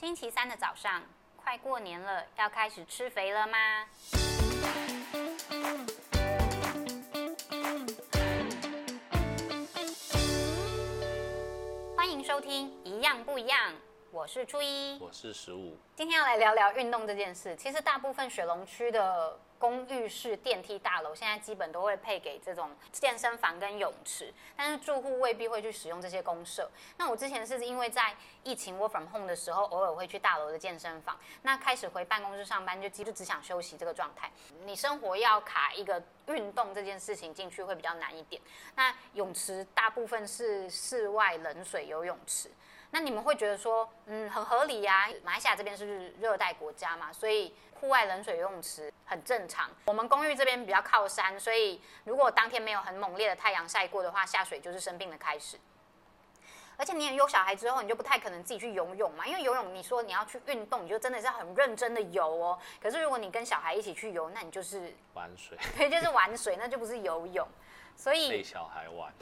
星期三的早上，快過年了，要開始吃肥了嗎？ 歡迎收聽《一樣不一樣》，我是初一，我是十五，今天要來聊聊運動這件事。其實大部分雪隆區的。公寓式電梯大樓現在基本都會配給這種健身房跟泳池，但是住戶未必會去使用這些公設。那我之前是因為在疫情 work from home 的時候，偶爾會去大樓的健身房。那開始回辦公室上班就，就幾乎只想休息這個狀態。你生活要卡一個運動這件事情進去會比較難一點。那泳池大部分是室外冷水游泳池。那你們會覺得說，嗯，很合理呀。馬來西亞這邊是熱帶國家嘛，所以戶外冷水游泳池很正常。我們公寓這邊比較靠山，所以如果當天沒有很猛烈的太陽曬過的話，下水就是生病的開始。而且你有小孩之後，你就不太可能自己去游泳嘛，因為游泳，你說你要去運動，你就真的是很認真的游哦。可是如果你跟小孩一起去游，那你就是玩水，對 就是玩水，那就不是游泳。所以被小孩玩。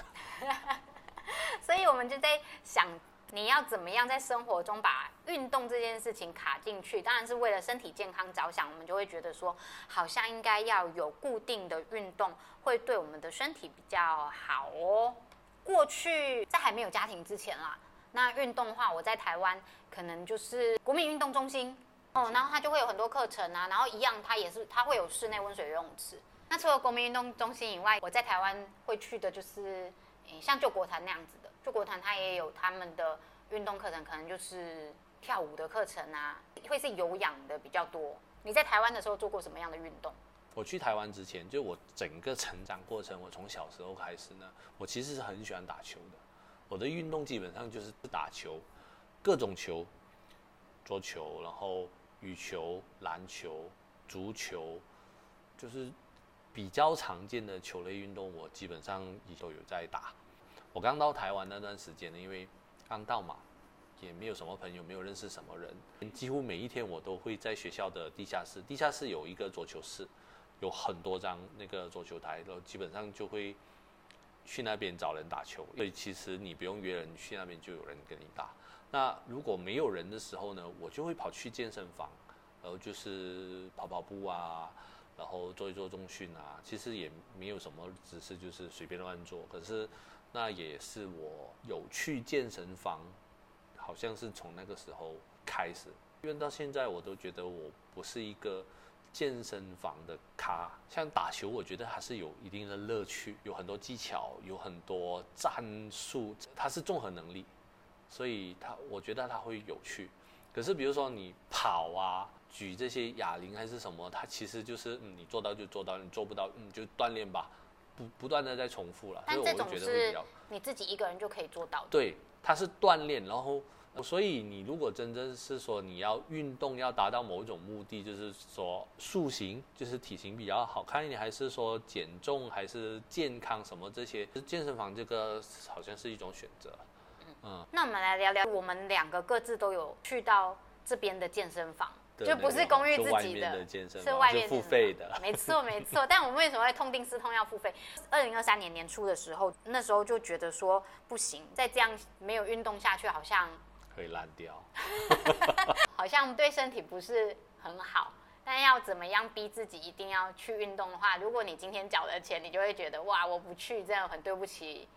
所以我們就在想。你要怎麼樣在生活中把運動這件事情卡進去？當然是為了身體健康着想，我們就會覺得說，好像應該要有固定的運動，會對我們的身體比較好哦。過去在還沒有家庭之前啦，那運動的話我在台灣可能就是國民運動中心哦、嗯，然後它就會有很多課程啊，然後一樣它也是它會有室內溫水游泳池。那除了國民運動中心以外，我在台灣會去的就是，嗯，像救國團那樣子的。就國團，他也有他們的運動課程，可能就是跳舞的課程啊，會是有氧的比較多。你在台灣的時候做過什麼樣的運動？我去台灣之前，就我整個成長過程，我從小時候開始呢，我其實是很喜歡打球的。我的運動基本上就是打球，各種球，桌球，然後羽球、籃球、足球，就是比較常見的球類運動，我基本上也都有在打。我剛到台灣那段時間呢，因為剛到嘛，也沒有什麼朋友，沒有認識什麼人，幾乎每一天我都會在學校的地下室，地下室有一個桌球室，有很多張那個桌球檯，然後基本上就會去那邊找人打球。所以其實你不用約人，去那邊就有人跟你打。那如果沒有人的時候呢，我就會跑去健身房，然後就是跑跑步啊，然後做一做重訓啊。其實也沒有什麼，只是就是隨便亂做。可是。那也是我有去健身房，好像是從那個時候開始，因為到現在我都覺得我不是一個健身房的咖。像打球，我覺得還是有一定的樂趣，有很多技巧，有很多戰術，它是綜合能力，所以它我覺得它會有趣。可是比如說你跑啊，舉這些啞鈴還是什麼，它其實就是、嗯、你做到就做到，你做不到你、嗯、就鍛鍊吧。不不斷的在重複了，所以我就覺得會比較你自己一個人就可以做到，以以做到。對，它是鍛鍊，然後、呃、所以你如果真正是說你要運動要達到某一種目的，就是說塑形，嗯、就是體型比較好看一點，還是說減重，還是健康什麼這些，健身房這個好像是一種選擇、嗯。嗯，那我們來聊聊，我們兩個各自都有去到這邊的健身房，就不是公寓自己的，是外面的，外面付費的。沒錯沒錯，但我們為什麼會痛定思痛要付費？二零二三年年初的時候，那時候就覺得說不行，再這樣沒有運動下去好像可以爛掉， 好像對身體不是很好。但要怎麼樣逼自己一定要去運動的話，如果你今天繳了錢，你就會覺得哇，我不去這樣很對不起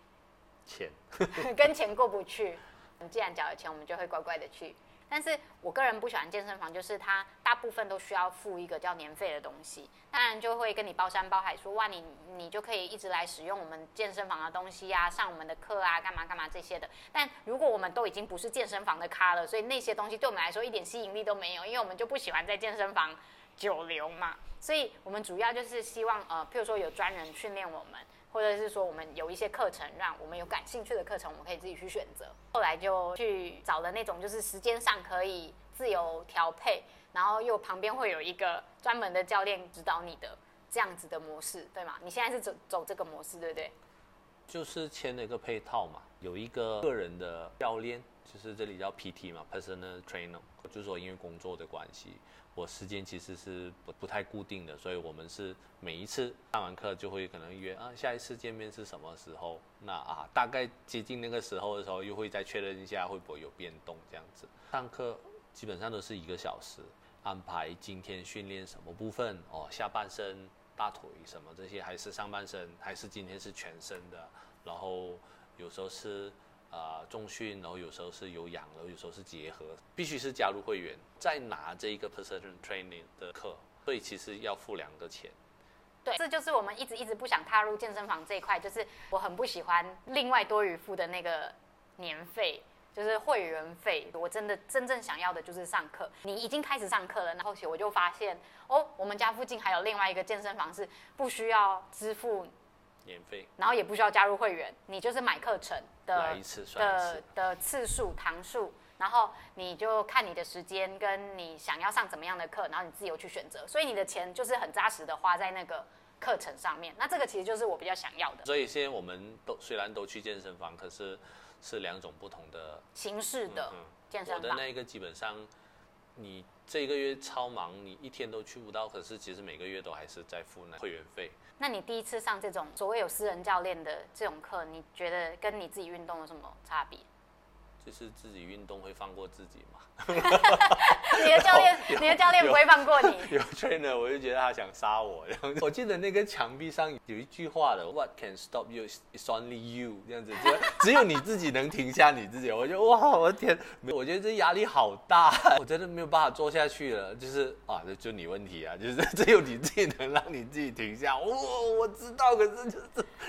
錢， 跟錢過不去。你既然繳了錢，我們就會乖乖的去。但是我個人不喜歡健身房，就是它大部分都需要付一個叫年費的東西，當然就會跟你包山包海說哇，你你就可以一直來使用我們健身房的東西啊，上我們的課啊，幹嘛幹嘛這些的。但如果我們都已經不是健身房的咖了，所以那些東西對我們來說一點吸引力都沒有，因為我們就不喜歡在健身房久留嘛。所以我們主要就是希望呃，譬如說有專人訓練我們。或者是說，我們有一些課程，讓我們有感興趣的課程，我們可以自己去選擇。後來就去找了那種，就是時間上可以自由調配，然後又旁邊會有一個專門的教練指導你的這樣子的模式，對嗎？你現在是走走這個模式，對不對？就是簽了一個配套嘛，有一個個人的教練，就是這裡叫 PT 嘛，personal trainer。就是說因為工作的關係，我時間其實是不不太固定的，所以我們是每一次上完課就會可能約啊，下一次見面是什麼時候？那啊，大概接近那個時候的時候，又會再確認一下會不會有變動這樣子。上課基本上都是一個小時，安排今天訓練什麼部分哦，下半身，大腿什麼這些，還是上半身，還是今天是全身的，然後有時候是啊、呃、重訓，然後有時候是有氧，然後有時候是結合。必須是加入會員再拿這一個 personal training 的課，所以其實要付兩個錢。對，這就是我們一直一直不想踏入健身房這一塊，就是我很不喜歡另外多餘付的那個年費。就是會員費，我真的真正想要的就是上課。你已經開始上課了，然後我就發現哦，我們家附近還有另外一個健身房是不需要支付年費，然後也不需要加入會員，你就是買課程的一次算一次的的次數堂數，然後你就看你的時間跟你想要上怎麼樣的課，然後你自由去選擇。所以你的錢就是很紮實的花在那個課程上面，那這個其實就是我比較想要的。所以現在我們都雖然都去健身房，可是是兩種不同的形式的健身房。嗯，我的那一個基本上，你這個月超忙，你一天都去不到，可是其實每個月都還是在付那會員費。那你第一次上這種所謂有私人教練的這種課，你覺得跟你自己運動有什麼差別？就是自己運動會放過自己嘛。 你的教練，你的教練不會放過你有。有 trainer，我就覺得他想殺我。然後我記得那個牆壁上有一句話的，What can stop you? It's only you，這樣子，只只有你自己能停下你自己。我覺得哇，我的天，我覺得這壓力好大，我真的沒有辦法做下去了。就是啊，就就你問題啊，就是只有你自己能讓你自己停下。哦，我知道，可是就是，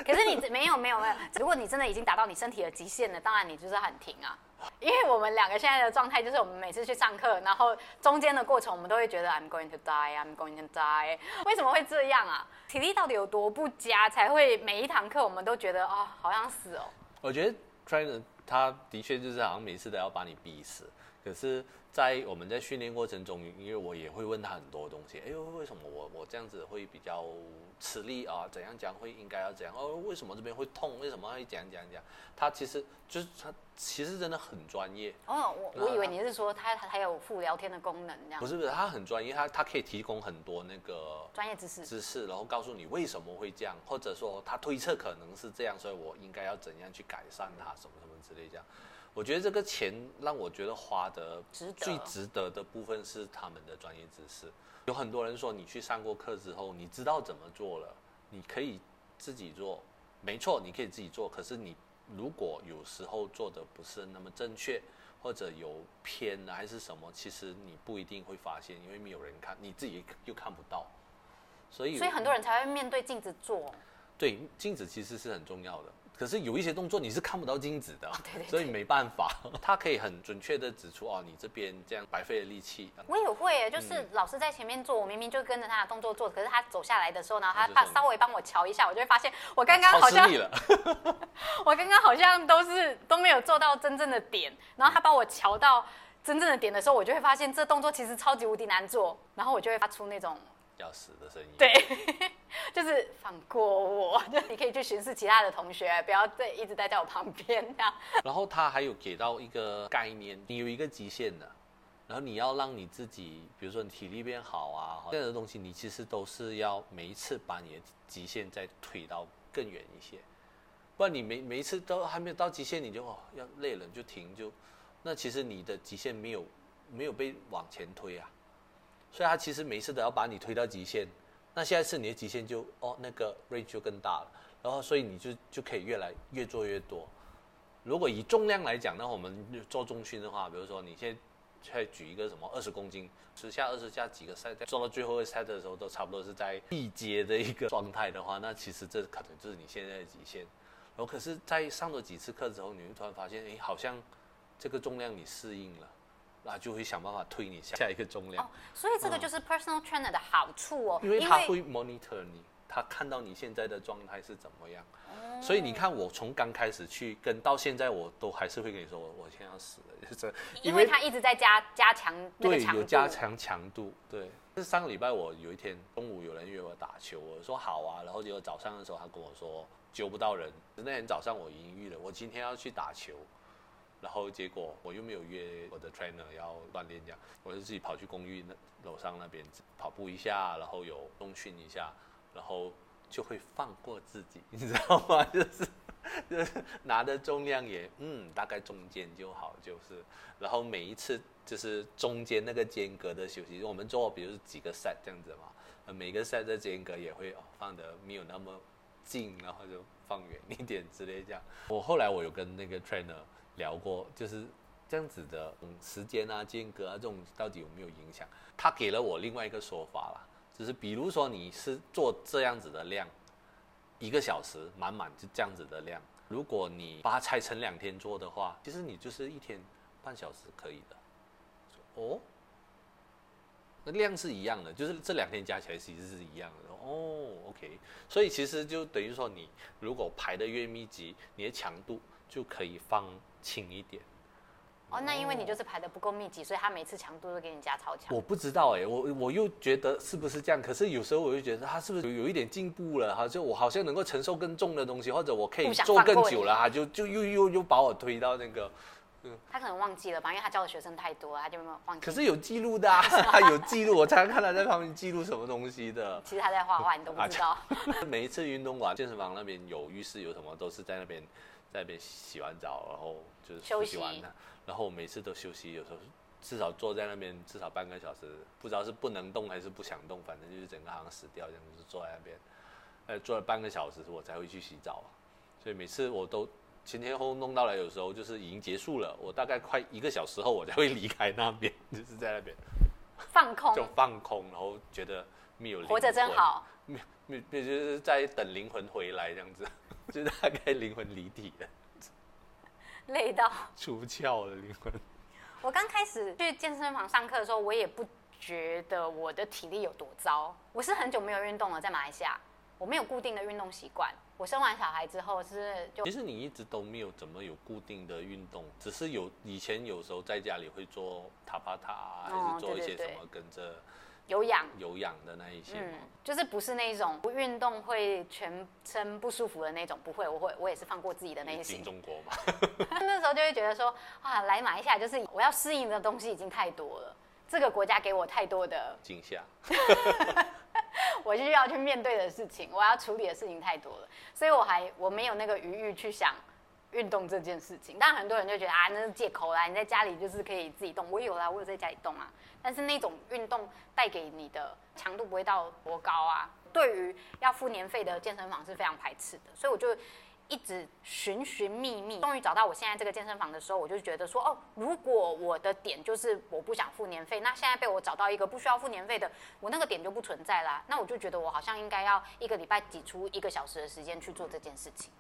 可是你沒有沒有沒有。如果你真的已經達到你身體的極限了，當然你就是很停啊。因為我們兩個現在的狀態，就是我們每次去上課，然後中間的過程，我們都會覺得 I'm going to die, I'm going to die。為什麼會這樣啊？體力到底有多不佳，才會每一堂課我們都覺得啊、哦，好想死哦。我覺得 trainer 他的確就是好像每次都要把你逼死。可是，在我們在訓練過程中，因為我也會問他很多東西。哎呦，為什麼我我這樣子會比較吃力啊？怎樣講會應該要怎樣？哦，為什麼這邊會痛？為什麼會講講講，講？他其實就是他其實真的很專業。哦，我我以為你是說他他有附聊天的功能這樣。不是不是，他很專業，他他可以提供很多那個專業知識知識，然後告訴你為什麼會這樣，或者說他推測可能是這樣，所以我應該要怎樣去改善他什麼什麼之類這樣。我覺得這個錢讓我覺得花得最值得的部分是他們的專業知識。有很多人說，你去上過課之後，你知道怎麼做了，你可以自己做。沒錯，你可以自己做。可是你如果有時候做的不是那麼正確，或者有偏還是什麼，其實你不一定會發現，因為沒有人看，你自己又看不到。所以所以很多人才會面對鏡子做。對，鏡子其實是很重要的。可是有一些動作你是看不到鏡子的，哦、對，對對，所以沒辦法，他可以很準確的指出哦，你這邊這樣白費了力氣、嗯。我也會就是老師在前面做、嗯，我明明就跟着他的動作做，可是他走下來的時候呢，然後他稍微幫我瞧一下，我就會發現我剛剛好像、啊、超吃力了 我剛剛好像都是都沒有做到真正的點。然後他幫我瞧到真正的點的時候，我就會發現這動作其實超級無敵難做，然後我就會發出那種要死的聲音。對，就是放過我，就你可以去巡視其他的同學，不要再一直待在我旁邊這樣。然後他還有給到一個概念，你有一個極限的，然後你要讓你自己，比如說你體力變好啊，這樣的東西，你其實都是要每一次把你的極限再推到更遠一些，不然你每每一次都還沒有到極限，你就、哦、要累了就停就，那其實你的極限沒有沒有被往前推啊。所以它其實每次都要把你推到極限，那現在是你的極限就哦那個 range 就更大了，然後所以你就就可以越來越做越多。如果以重量來講，那我們做重訓的話，比如說你現在再舉一個什麼二十公斤，十下二十下幾個 set，做到最後一 set 的時候都差不多是在力竭的一個狀態的話，那其實這可能就是你現在的極限。然後可是，在上了幾次課之後，你會突然發現，哎，好像這個重量你適應了。那就會想辦法推你下一個重量，oh, 所以這個就是 personal trainer 的好處哦，因為他會 monitor 你，他看到你現在的狀態是怎麼樣。Oh. 所以你看，我從剛開始去跟到現在，我都還是會跟你說，我現在要死了、就是這，因為他一直在加加強，強度對，有加強強度，對。上個禮拜我有一天中午有人約我打球，我說好啊，然後結果早上的時候他跟我說揪不到人，那天早上我憂鬱了，我今天要去打球。然後結果我又沒有約我的 trainer 要鍛鍊這樣，我就自己跑去公寓那樓上那邊跑步一下，然後有重訓一下，然後就會放過自己，你知道嗎？就是就是拿的重量也嗯大概中間就好，就是然後每一次就是中間那個間隔的休息，我們做比如幾個 set 這樣子嘛，每個 set 的間隔也會哦放得沒有那麼近，然後就放遠一點之類這樣。我後來我有跟那個 trainer。聊過，就是這樣子的，嗯，時間啊、間隔啊這種到底有沒有影響？他給了我另外一個說法啦，就是比如說你是做這樣子的量，一個小時滿滿就這樣子的量，如果你把它拆成兩天做的話，其實你就是一天半小時可以的。哦，那量是一樣的，就是這兩天加起來其實是一樣的哦。OK，所以其實就等於說你如果排得越密集，你的強度就可以放。輕一點，哦，那因為你就是排得不夠密集，所以他每次強度都給你加超強。我不知道哎、欸，我我又覺得是不是這樣？可是有時候我又覺得他是不是有有一點進步了哈？就我好像能夠承受更重的東西，或者我可以做更久了哈？就就又又又把我推到那個，嗯。他可能忘記了吧？因為他教的學生太多，他就沒有忘記。可是有記錄的啊， 他有記錄。我常常看他在旁邊記錄什麼東西的。 其實他在畫畫，你都不知道。 每一次運動完、健身房那邊有浴室有什麼，都是在那邊。在那邊洗完澡，然後就是洗休息完了，然後我每次都休息，有時候至少坐在那邊至少半個小時，不知道是不能動還是不想動，反正就是整個好像死掉這樣，就是坐在那邊，坐了半個小時我才會去洗澡，所以每次我都前前後後弄到了，有時候就是已經結束了，我大概快一個小時後我才會離開那邊，就是在那邊放空， 就放空，然後覺得沒有活着真好。比如就是在等靈魂回來這樣子，就大概靈魂離體了，累到出竅了靈魂。我剛開始去健身房上課的時候，我也不覺得我的體力有多糟。我是很久沒有運動了，在馬來西亞，我沒有固定的運動習慣。我生完小孩之後是就其實你一直都沒有怎麼有固定的運動，只是有以前有時候在家裡會做塔巴塔啊，還是做一些什麼跟着。對對對有氧，有氧的那一些，嗯，就是不是那種不運動會全身不舒服的那種，不會，我會，我也是放過自己的那一些。中國吧， 那時候就會覺得說，啊，來馬來西亞就是我要適應的東西已經太多了，這個國家給我太多的驚嚇， 我就要去面對的事情，我要處理的事情太多了，所以我還我沒有那個餘裕去想。運動這件事情，當然很多人就覺得啊，那是借口啦。你在家裡就是可以自己動，我有啦，我有在家裡動啊。但是那種運動帶給你的強度不會到多高啊。對於要付年費的健身房是非常排斥的，所以我就一直尋尋覓覓，終於找到我現在這個健身房的時候，我就覺得說，哦，如果我的點就是我不想付年費，那現在被我找到一個不需要付年費的，我那個點就不存在啦。那我就覺得我好像應該要一個禮拜擠出一個小時的時間去做這件事情。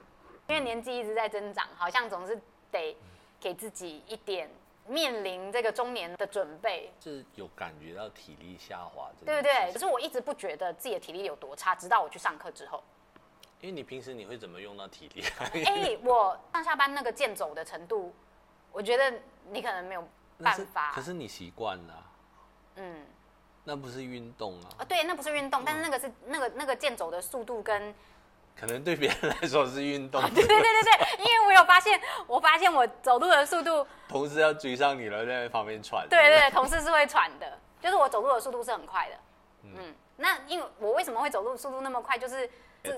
因為年紀一直在增長，好像總是得給自己一點面臨這個中年的準備，就是有感覺到體力下滑，這個，對不對？可是我一直不覺得自己的體力有多差，直到我去上課之後。因為你平時你會怎麼用到體力？哎， 我上下班那個健走的程度，我覺得你可能沒有辦法。是，可是你習慣了啊。嗯。那不是運動啊。啊、哦，對，那不是運動，嗯、但是那個是那個那個健走的速度跟。可能對別人來說是運動的，啊，對對對對對，因為我有發現，我發現我走路的速度，同事要追上你了，在旁邊喘，對對、對、對，同事是會喘的， 就是我走路的速度是很快的，嗯，嗯，那因為我為什麼會走路的速度那麼快，就是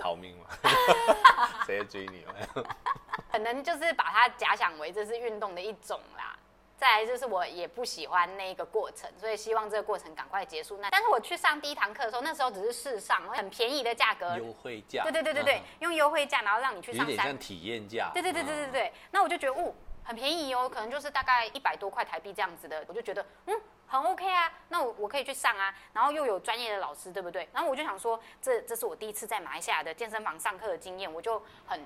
逃命嗎？ 誰追你了？ 可能就是把它假想為，這是運動的一種啦。再來就是我也不喜歡那個過程，所以希望這個過程趕快結束。那但是我去上第一堂課的時候，那時候只是試上，很便宜的價格，優惠價，對對對對、啊、用優惠價然後讓你去上，有點像體驗價。對對對對對對對、啊。那我就覺得哦，很便宜哦，可能就是大概一百多塊台幣這樣子的，我就覺得嗯很 OK 啊，那我我可以去上啊，然後又有專業的老師，對不對？然後我就想說，這這是我第一次在馬來西亞的健身房上課的經驗，我就很。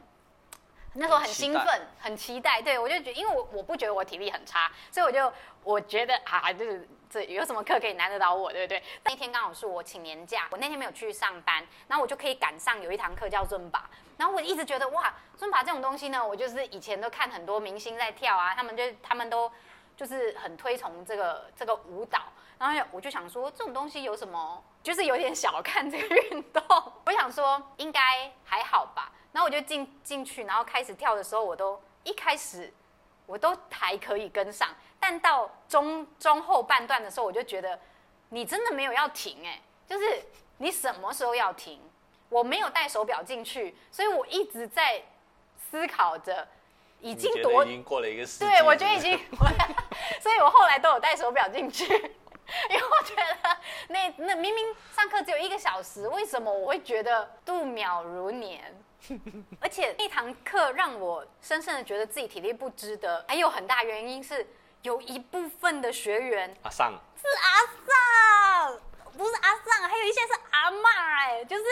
那時候很興奮，很期待，對我就覺得，因為我我不覺得我體力很差，所以我就我覺得啊，就是這有什麼課可以難得倒我，對不對？ 那一天剛好是我請年假，我那天沒有去上班，然後我就可以趕上有一堂課叫尊巴，然後我一直覺得哇，尊巴這種東西呢，我就是以前都看很多明星在跳啊，他們就他們都。就是很推崇這個這個舞蹈，然後我就想說，這種東西有什麼？就是有點小看這個運動。我想說，應該還好吧。然後我就進進去，然後開始跳的時候，我都一開始我都還可以跟上，但到中中後半段的時候，我就覺得你真的沒有要停哎、欸，就是你什麼時候要停？我沒有戴手表進去，所以我一直在思考着，已經多已經過了一個時間，對我覺得已經。 所以我後來都有戴手錶進去，因為我覺得那那明明上課只有一個小時，為什麼我會覺得度秒如年？ 而且那堂課讓我深深的覺得自己體力不支的，還有很大原因是有一部分的學員阿桑是阿桑，不是阿桑，還有一些是阿嬤，哎，就是。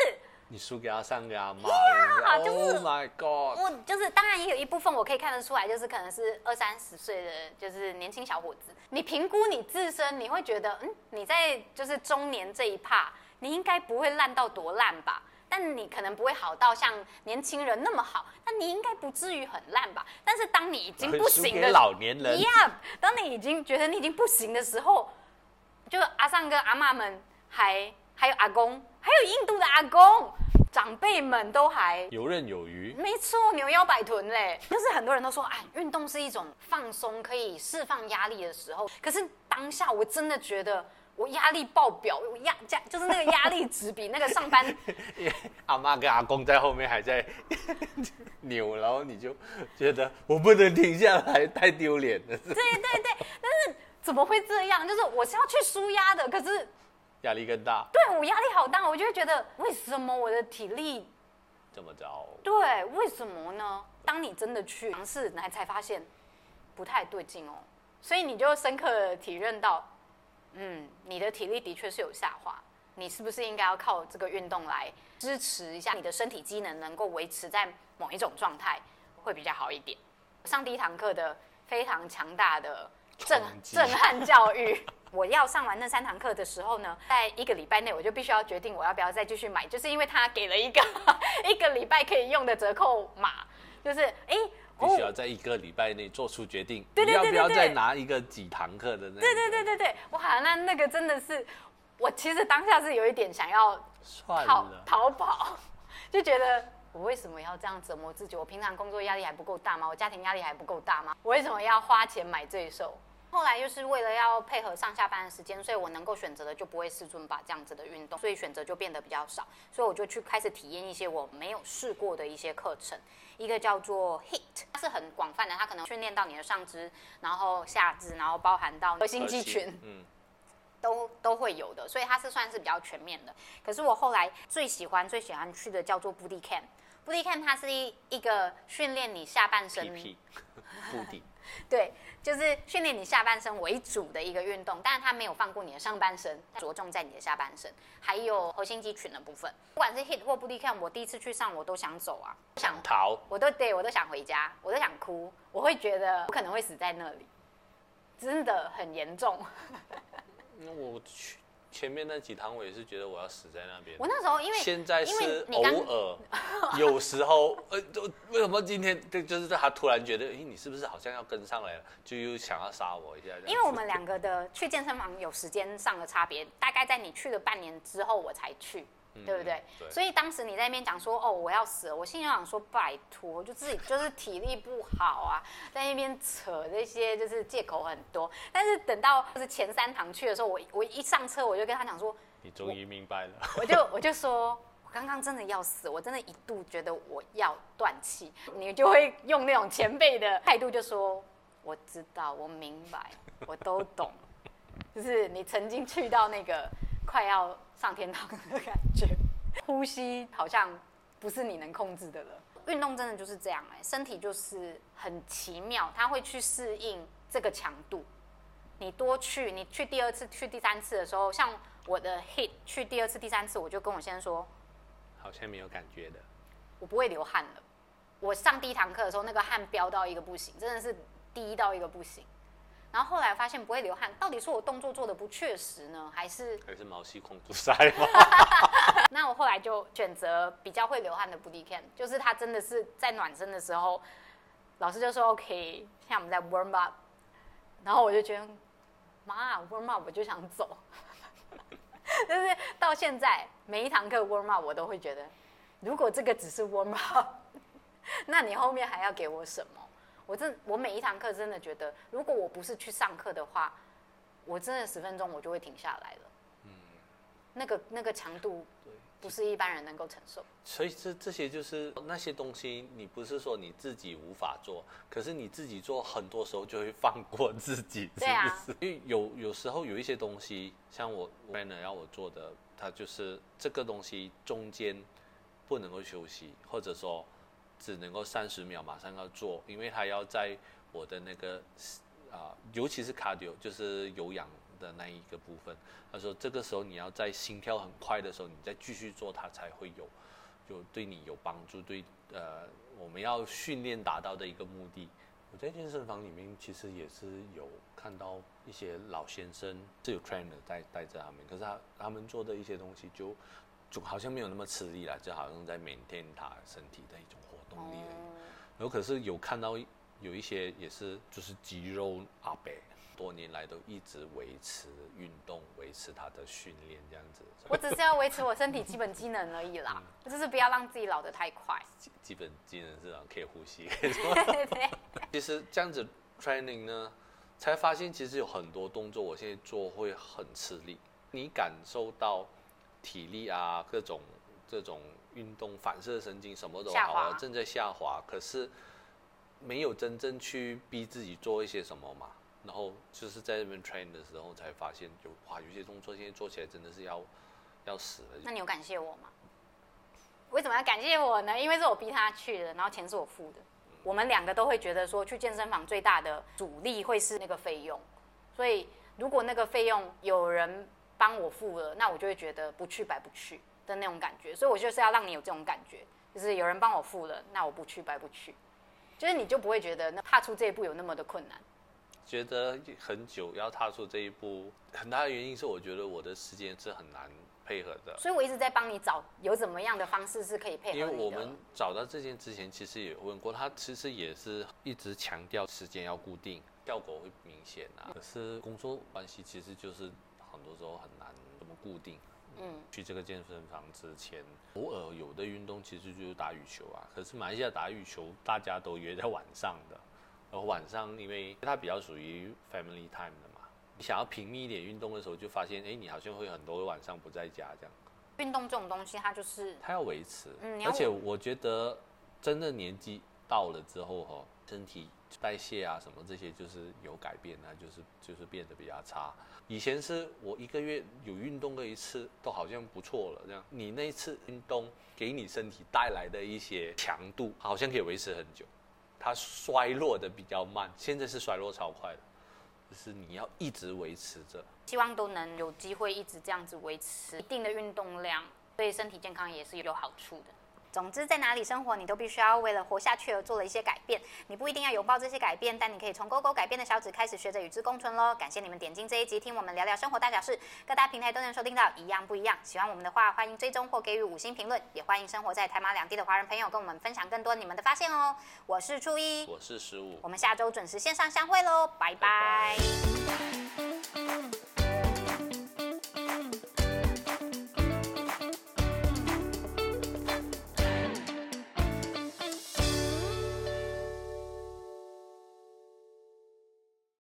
你輸給阿三個阿媽，哇！就是，Oh my God 我就是，當然也有一部分我可以看得出來，就是可能是二三十歲的，就是年輕小伙子。你評估你自身，你會覺得，嗯，你在就是中年這一趴，你應該不會爛到多爛吧？但你可能不會好到像年輕人那麼好，那你應該不至於很爛吧？但是當你已經不行的老年人，yeah, 當你已經覺得你已經不行的時候，就阿三跟阿媽們還。還有阿公，還有印度的阿公，長輩們都還游刃有餘。沒錯，扭腰擺臀嘞。就是很多人都說，哎，運動是一種放鬆，可以釋放壓力的時候。可是當下我真的覺得我壓力爆表，我壓就是那個壓力值比那個上班。 阿媽跟阿公在後面還在扭，然後你就覺得我不能停下來，太丟臉了。對對對，但是怎麼會這樣？就是我是要去舒壓的，可是。壓力更大，對，我壓力好大，我就會覺得為什麼我的體力這麼糟？對，為什麼呢？當你真的去嘗試，你才發現不太對勁哦，所以你就深刻體認到，嗯，你的體力的確是有下滑，你是不是應該要靠這個運動來支持一下你的身體機能，能夠維持在某一種狀態，會比較好一點。上第一堂課的非常強大的。震震撼教育！我要上完那三堂課的時候呢，在一個禮拜內我就必須要決定我要不要再繼續買，就是因為他給了一個一個禮拜可以用的折扣碼，就是哎、欸，必須要在一個禮拜內做出決定，你要不要再拿一個幾堂課的。對對對對對，對，哇，那那個真的是，我其實當下是有一點想要逃逃跑， 就覺得我為什麼要這樣折磨自己？我平常工作壓力還不夠大嗎？我家庭壓力還不夠大嗎？我為什麼要花錢買罪受？後來就是為了要配合上下班的時間，所以我能夠選擇的就不會是尊巴這樣子的運動，所以選擇就變得比較少，所以我就去開始體驗一些我沒有試過的一些課程，一個叫做 HIIT，它是很廣泛的，它可能訓練到你的上肢，然後下肢，然後包含到核心肌群，嗯，都都會有的，所以它是算是比較全面的。可是我後來最喜歡最喜歡去的叫做 Booty Camp，Booty Camp 它是一一個訓練你下半身，Booty 對，就是訓練你下半身為主的一個運動，但是它沒有放過你的上半身，着重在你的下半身，還有核心肌群的部分。不管是 HIT 或 BODYCAM，我第一次去上，我都想走啊，想逃，我都 day，我都想回家，我都想哭，我會覺得我可能會死在那裡，真的很嚴重。那 我去。前面那幾趟我也是覺得我要死在那邊。我那時候因為現在是偶爾， 有時候，呃、欸，為什麼今天對，就是他突然覺得，誒、欸，你是不是好像要跟上來了，就又想要殺我一下？因為我們兩個的去健身房有時間上的差別，大概在你去了半年之後我才去。嗯、對不對？對。所以當時你在那邊講說，哦，我要死了，我心裡想說，拜托，就自、是、己就是體力不好啊，在那邊扯這些就是借口很多。但是等到就是前三堂去的時候，我我一上車，我就跟他講說，你終於明白了，我，我就我就說我剛剛真的要死，我真的一度覺得我要斷氣。你就會用那種前輩的態度就說，我知道，我明白，我都懂， 就是你曾經去到那個。快要上天堂的感覺， 呼吸好像不是你能控制的了。運動真的就是這樣哎、欸，身體就是很奇妙，它會去適應這個強度。你多去，你去第二次、去第三次的時候，像我的 hit 去第二次、第三次，我就跟我先生說，好像沒有感覺的，我不會流汗了。我上第一堂課的時候，那個汗飆到一個不行，真的是滴到一個不行。然後後來發現不會流汗，到底是我動作做的不確實呢，還是還是毛細孔堵塞嗎？ 那我後來就選擇比較會流汗的 Body Cam，就是他真的是在暖身的時候，老師就說 OK，現在我們在 warm up，然後我就覺得媽 warm up 我就想走，對不對 是到現在每一堂課 warm up 我都會覺得，如果這個只是 warm up，那你後面還要給我什麼？我這我每一堂課真的覺得，如果我不是去上課的話，我真的十分鐘我就會停下來了。嗯，那個那個強度，對，不是一般人能夠承受。所以這這些就是那些東西，你不是說你自己無法做，可是你自己做很多時候就會放過自己，是不是？啊，因為有有時候有一些東西，像我 trainer 要我做的，他就是這個東西中間不能夠休息，或者說。只能夠三十秒，馬上要做，因為他要在我的那個啊、呃，尤其是 cardio 就是有氧的那一個部分。他說，這個時候你要在心跳很快的時候，你再繼續做，他才會有，就對你有幫助，對呃，我們要訓練達到的一個目的。我在健身房裡面其實也是有看到一些老先生是有 trainer 在帶、帶、帶着他們，可是他他們做的一些東西就。就好像沒有那麼吃力了，就好像在 maintain 他身體的一種活動力、嗯。然後可是有看到有一些也是就是肌肉阿、啊、伯，多年來都一直維持運動，維持他的訓練這樣子。我只是要維持我身體基本機能而已啦，就、嗯、是不要讓自己老得太快。基本機能是可以呼吸對。 其實這樣子 training 呢，才發現其實有很多動作我現在做會很吃力，你感受到。體力啊，各種這種運動反射神經什麼都好，啊，了。正在下滑。可是沒有真正去逼自己做一些什麼嘛。然後就是在這邊 train 的時候才發現就，就哇，有些動作現在做起來真的是要要死了。那你有感謝我嗎？為什麼要感謝我呢？因為是我逼他去的，然後錢是我付的，嗯。我們兩個都會覺得說，去健身房最大的阻力會是那個費用。所以如果那個費用有人。幫我付了，那我就會覺得不去白不去的那種感覺，所以我就是要讓你有這種感覺，就是有人幫我付了，那我不去白不去，就是你就不會覺得那踏出這一步有那麼的困難。覺得很久要踏出這一步，很大的原因是我覺得我的時間是很難配合的，所以我一直在幫你找有怎麼樣的方式是可以配合你的。因為我們找到這件之前，其實也問過他，其實也是一直強調時間要固定，效果會明顯啊、嗯。可是工作關係，其實就是。很多時候很難這麼固定。嗯，去這個健身房之前，偶爾有的運動其實就是打羽球啊。可是馬來西亞打羽球、嗯、大家都約在晚上的，而晚上因為，因為它比較屬於 family time 的嘛，你想要頻密一點運動的時候，就發現哎，你好像會很多晚上不在家這樣。運動這種東西，它就是它要維持、嗯要。而且我覺得真的年紀到了之後哈、哦，身體。代謝啊，什麼這些就是有改變啊，就是就是變得比較差。以前是我一個月有運動過一次，都好像不錯了。這樣，你那一次運動給你身體帶來的一些強度，好像可以維持很久，它衰落的比較慢。現在是衰落超快的，就是你要一直維持着。希望都能有機會一直這樣子維持一定的運動量，對身體健康也是有好處的。總之，在哪裡生活，你都必須要為了活下去而做了一些改變。你不一定要擁抱這些改變，但你可以從狗狗改變的小子開始，學着與之共存嘍。感謝你們點進這一集聽我們聊聊生活大小事，各大平台都能收聽到，一樣不一樣。喜歡我們的話，歡迎追蹤或給予五星評論，也歡迎生活在台馬兩地的華人朋友跟我們分享更多你們的發現哦。我是初一，我是十五，我們下周準時線上相會嘍，拜拜。